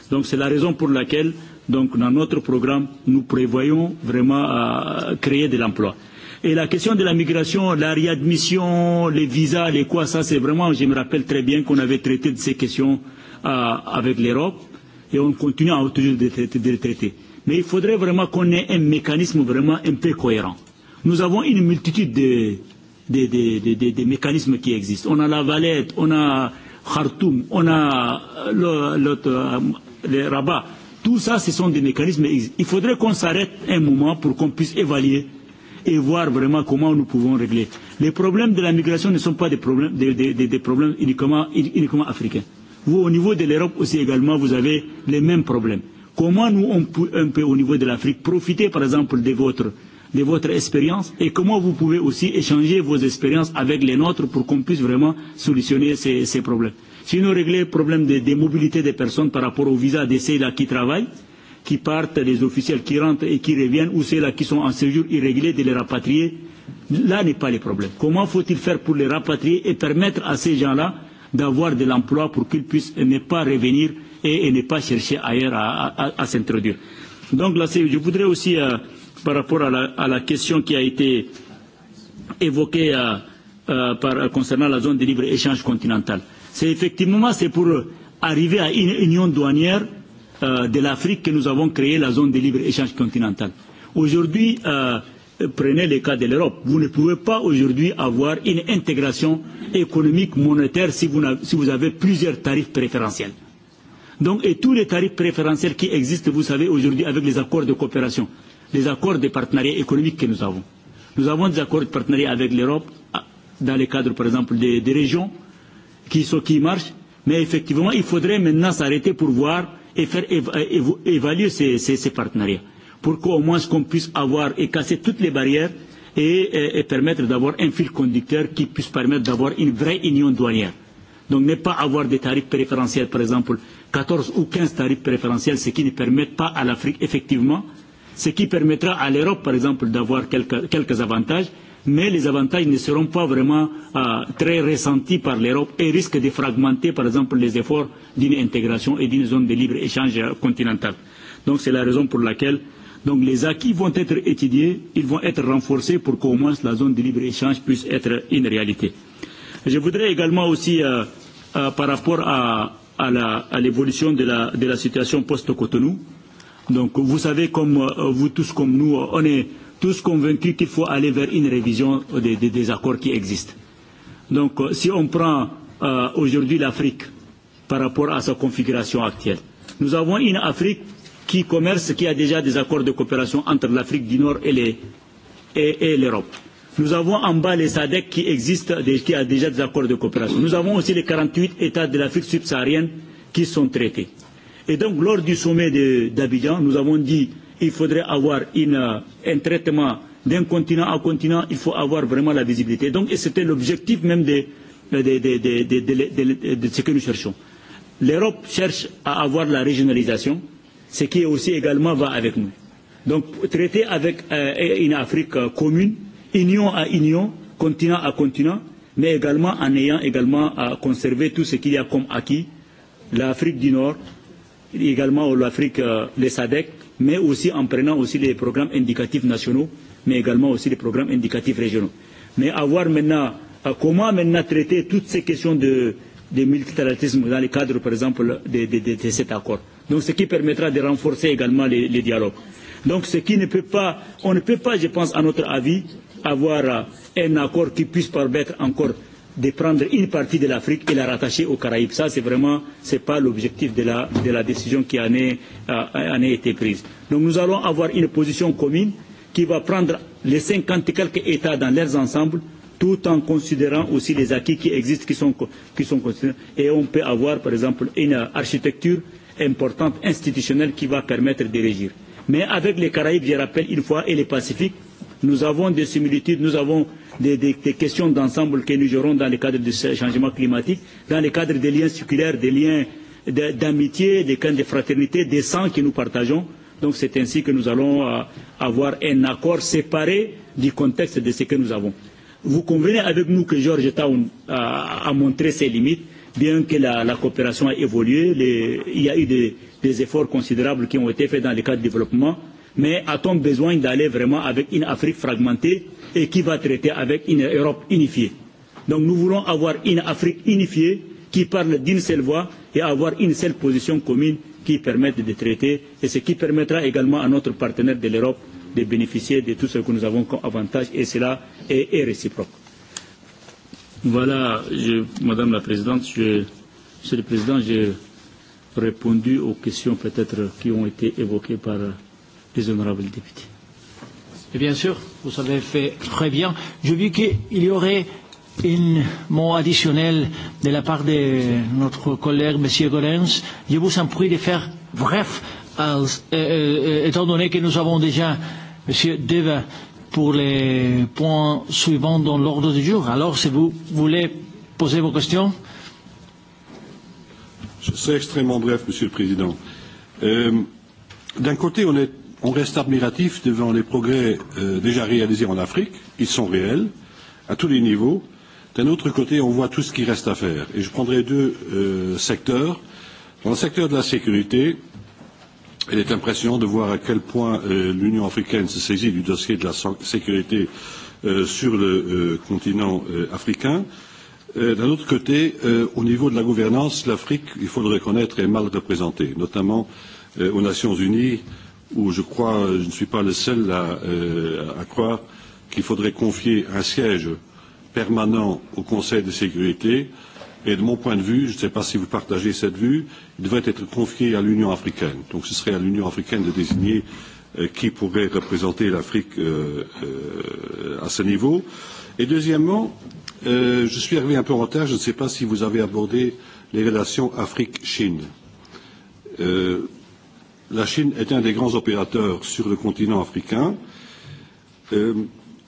Donc c'est la raison pour laquelle donc, dans notre programme, nous prévoyons vraiment euh, créer de l'emploi. Et la question de la migration, la réadmission, les visas, les quoi, ça c'est vraiment, je me rappelle très bien qu'on avait traité de ces questions euh, avec l'Europe et on continue à toujours de, traiter, de les traiter. Mais il faudrait vraiment qu'on ait un mécanisme vraiment un peu cohérent. Nous avons une multitude de, des, des, des, des, des mécanismes qui existent. On a la Valette, on a Khartoum, on a le, le, le Rabat. Tout ça, ce sont des mécanismes. Il faudrait qu'on s'arrête un moment pour qu'on puisse évaluer et voir vraiment comment nous pouvons régler. Les problèmes de la migration ne sont pas des problèmes, des, des, des, des problèmes uniquement, uniquement africains. Vous, au niveau de l'Europe aussi également, vous avez les mêmes problèmes. Comment nous, on peut, un peu au niveau de l'Afrique, profiter par exemple de votre euh, de votre expérience et comment vous pouvez aussi échanger vos expériences avec les nôtres pour qu'on puisse vraiment solutionner ces, ces problèmes. nous régler le problème des de mobilités des personnes par rapport au visa de ceux-là qui travaillent, qui partent, les officiels qui rentrent et qui reviennent, ou ceux-là qui sont en séjour irrégulier, de les rapatrier, là n'est pas le problème. Comment faut-il faire pour les rapatrier et permettre à ces gens-là d'avoir de l'emploi pour qu'ils puissent ne pas revenir et, et ne pas chercher ailleurs à, à, à, à s'introduire. Donc là, je voudrais aussi euh, par rapport à la, à la question qui a été évoquée à, euh, par, concernant la zone de libre-échange continentale. C'est effectivement pour arriver à une union douanière euh, de l'Afrique que nous avons créé la zone de libre-échange continentale. Aujourd'hui, euh, prenez le cas de l'Europe. Vous ne pouvez pas aujourd'hui avoir une intégration économique monétaire si vous, si vous avez plusieurs tarifs préférentiels. Donc, et tous les tarifs préférentiels qui existent, vous savez, aujourd'hui avec les accords de coopération, les accords de partenariat économique que nous avons. Nous avons des accords de partenariat avec l'Europe, dans le cadre, par exemple, des, des régions qui, sont, qui marchent, mais effectivement, il faudrait maintenant s'arrêter pour voir et faire évaluer ces, ces, ces partenariats, pour qu'au moins qu'on puisse avoir et casser toutes les barrières et, et permettre d'avoir un fil conducteur qui puisse permettre d'avoir une vraie union douanière. Donc ne pas avoir des tarifs préférentiels, par exemple, 14 ou 15 tarifs préférentiels, ce qui ne permettent pas à l'Afrique, effectivement, ce qui permettra à l'Europe, par exemple, d'avoir quelques, quelques avantages, mais les avantages ne seront pas vraiment euh, très ressentis par l'Europe et risquent de fragmenter, par exemple, les efforts d'une intégration et d'une zone de libre-échange continentale. Donc c'est la raison pour laquelle donc, les acquis vont être étudiés, ils vont être renforcés pour qu'au moins la zone de libre-échange puisse être une réalité. Je voudrais également aussi, euh, euh, par rapport à, à l'évolution de la, de la situation post-Cotonou, euh, Donc vous savez, comme vous tous, comme nous, on est tous convaincus qu'il faut aller vers une révision des, des, des accords qui existent. Donc si on prend euh, aujourd'hui l'Afrique par rapport à sa configuration actuelle, nous avons une Afrique qui commerce, qui a déjà des accords de coopération entre l'Afrique du Nord et les, et, et l'Europe. Nous avons en bas les SADEC qui existent, qui a déjà des accords de coopération. Nous avons aussi les 48 États de l'Afrique subsaharienne qui sont traités. Et donc, lors du sommet d'Abidjan, nous avons dit qu'il faudrait avoir une, un traitement d'un continent à continent, il faut avoir vraiment la visibilité. Donc, et c'était l'objectif même de, de, de, de, de, de, de, de ce que nous cherchons. L'Europe cherche à avoir la régionalisation, ce qui aussi également va avec nous. Donc, traiter avec euh, une Afrique commune, union à union, continent à continent, mais également en ayant également à conserver tout ce qu'il y a comme acquis, l'Afrique du Nord, également l'Afrique, les SADEC, mais aussi en prenant aussi les programmes indicatifs nationaux, mais également aussi les programmes indicatifs régionaux. Mais avoir maintenant, comment maintenant traiter toutes ces questions de, de multilatéralisme dans le cadre, par exemple, de, de, de, de cet accord. Donc, ce qui permettra de renforcer également les, les dialogues. Donc, ce qui ne peut pas, on ne peut pas, je pense, à notre avis, avoir un accord qui puisse permettre encore de prendre une partie de l'Afrique et la rattacher aux Caraïbes. Ça, c'est vraiment, c'est pas l'objectif de la, de la décision qui en, est, en a été prise. Donc nous allons avoir une position commune qui va prendre les 50 et quelques États dans leurs ensembles tout en considérant aussi les acquis qui existent, qui sont, qui sont considérés. Et on peut avoir, par exemple, une architecture importante institutionnelle qui va permettre de régir. Mais avec les Caraïbes, je rappelle une fois, et les Pacifiques, Nous avons des similitudes, nous avons des, des, des questions d'ensemble que nous gérons dans le cadre du changement climatique, dans le cadre des liens circulaires, des liens d'amitié, des camps de fraternité, des sangs que nous partageons. Donc c'est ainsi que nous allons avoir un accord séparé du contexte de ce que nous avons. Vous convenez avec nous que George Town a, a montré ses limites, bien que la, la coopération a évolué, les, il y a eu des, des efforts considérables qui ont été faits dans le cadre du développement, Mais a-t-on besoin d'aller vraiment avec une Afrique fragmentée et qui va traiter avec une Europe unifiée Donc nous voulons avoir une Afrique unifiée qui parle d'une seule voix et avoir une seule position commune qui permette de traiter et ce qui permettra également à notre partenaire de l'Europe de bénéficier de tout ce que nous avons comme avantage et cela est, est réciproque. Voilà, je, Madame la Présidente, je, Monsieur le Président, j'ai répondu aux questions peut-être qui ont été évoquées par les honorables députés. Et bien sûr, vous avez fait très bien. Je vis qu'il y aurait un mot additionnel de la part de notre collègue M. Gorens. Je vous en prie de faire bref, als, euh, euh, étant donné que nous avons déjà M. Deva pour les points suivants dans l'ordre du jour. Alors, si vous voulez poser vos questions. Je serai extrêmement bref, Monsieur le Président. Euh, D'un côté, on est on reste admiratif devant les progrès déjà réalisés en Afrique. Ils sont réels, à tous les niveaux. D'un autre côté, on voit tout ce qui reste à faire. Et je prendrai deux secteurs. Dans le secteur de la sécurité, il est impressionnant de voir à quel point l'Union africaine se saisit du dossier de la sécurité sur le continent africain. D'un autre côté, au niveau de la gouvernance, l'Afrique, il faut le reconnaître, est mal représentée, notamment aux Nations Unies, où je crois, je ne suis pas le seul à, euh, à croire qu'il faudrait confier un siège permanent au Conseil de sécurité. Et de mon point de vue, je ne sais pas si vous partagez cette vue, il devrait être confié à l'Union africaine. Donc ce serait à l'Union africaine de désigner euh, qui pourrait représenter l'Afrique euh, euh, à ce niveau. Et deuxièmement, euh, je suis arrivé un peu en retard, je ne sais pas si vous avez abordé les relations Afrique-Chine. Euh, La Chine est un des grands opérateurs sur le continent africain. Euh,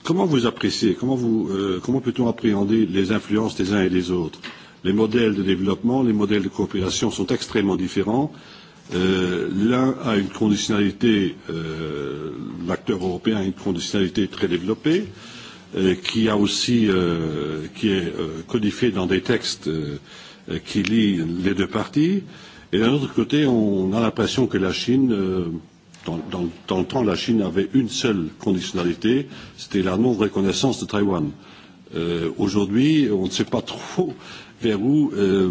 comment vous appréciez, comment, euh, comment peut-on appréhender les influences des uns et des autres Les modèles de développement, les modèles de coopération sont extrêmement différents. Euh, L'un a une conditionnalité, euh, l'acteur européen a une conditionnalité très développée, euh, qui a aussi, euh, qui est euh, codifiée dans des textes euh, qui lient les deux parties. Euh, Et d'un autre côté, on a l'impression que la Chine, dans, dans, dans le temps, la Chine avait une seule conditionnalité, c'était la non-reconnaissance de Taïwan. Euh, Aujourd'hui, on ne sait pas trop vers où euh,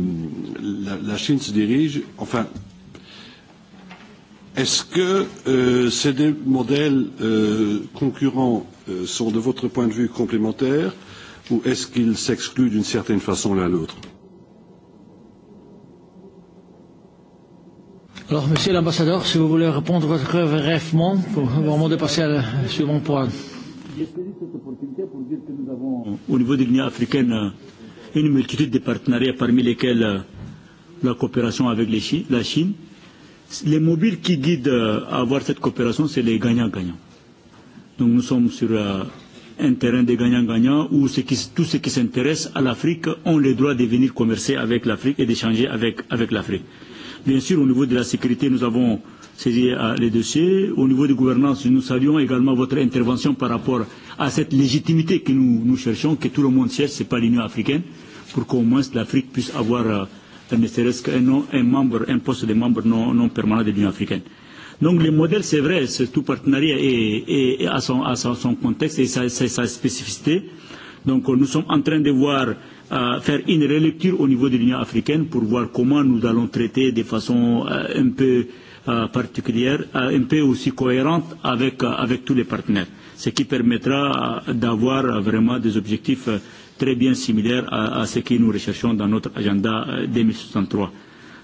la, la Chine se dirige. Enfin, est-ce que euh, ces deux modèles euh, concurrents euh, sont, de votre point de vue, complémentaires ou est-ce qu'ils s'excluent d'une certaine façon l'un l'autre Alors, monsieur l'ambassadeur, si vous voulez répondre brièvement, pour vraiment dépasser à suivant point. J'ai saisi cette opportunité pour dire que nous avons, au niveau de l'Union africaine, une multitude de partenariats, parmi lesquels la coopération avec les Chine, la Chine. Les mobiles qui guident à avoir cette coopération, c'est les gagnants-gagnants. Donc nous sommes sur un terrain des gagnants-gagnants où ceux qui, tous ceux qui s'intéressent à l'Afrique ont le droit de venir commercer avec l'Afrique et d'échanger avec, avec l'Afrique. Bien sûr, au niveau de la sécurité, nous avons saisi les dossiers. Au niveau de gouvernance, nous saluons également votre intervention par rapport à cette légitimité que nous, nous cherchons, que tout le monde cherche, ce n'est pas l'Union africaine, pour qu'au moins l'Afrique puisse avoir ne serait-ce qu'un un membre, un poste de membre non, non permanent de l'Union africaine. Donc le modèle, c'est vrai, tout partenariat et, et à son, à son contexte et sa, sa spécificité. Donc nous sommes en train de voir à faire une relecture au niveau de l'Union africaine pour voir comment nous allons traiter de façon euh, un peu euh, particulière, euh, un peu aussi cohérente avec, euh, avec tous les partenaires, ce qui permettra euh, d'avoir euh, vraiment des objectifs euh, très bien similaires à, à ce que nous recherchons dans notre agenda euh, 2063.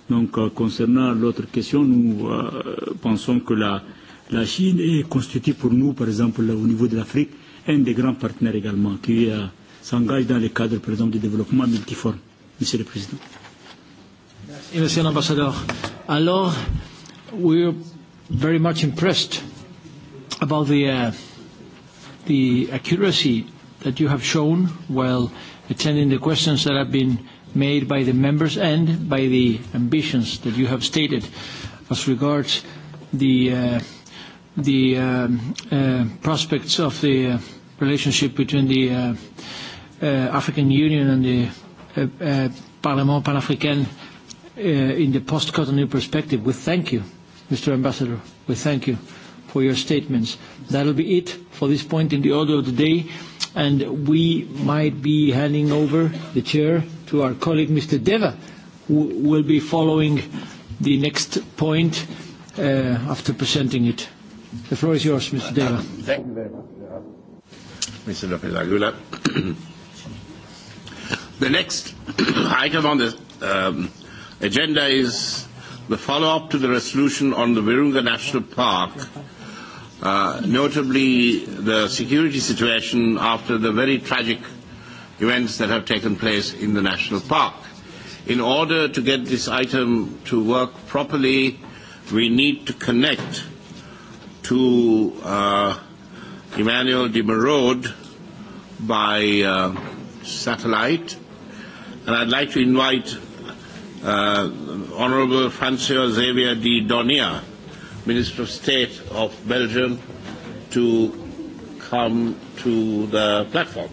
Donc, euh, concernant l'autre question, nous euh, pensons que la, la Chine est constituée pour nous, par exemple, au niveau de l'Afrique, un des grands partenaires également, qui euh, s'engage dans le cadre, par exemple, du développement multiforme, Monsieur le Président. Merci, Monsieur l'Ambassadeur. Alors, we're very much impressed about the, uh, the accuracy that you have shown while attending the questions that have been made by the members and by the ambitions that you have stated as regards the uh, the uh, uh, prospects of the uh, relationship between the uh, uh, African Union and the uh, uh, Parlement pan african uh, in the post-Cotonou perspective. We thank you, Mr. Ambassador. We thank you for your statements. That will be it for this point in the order of the day, and we might be handing over the chair to our colleague, Mr. Deva, who will be following the next point uh, after presenting it. The floor is yours, Mr. Deva. Thank you very much, Mr. Lopez Aguilar. The next item on the agenda is the follow-up to the resolution on the Virunga National Park, uh, notably the security situation after the very tragic events that have taken place in the national park. In order to get this item to work properly, we need to connect to uh, Emmanuel de Merode by uh, satellite And I'd like to invite uh, Honorable Francois Xavier de Donia, Minister of State of Belgium, to come to the platform.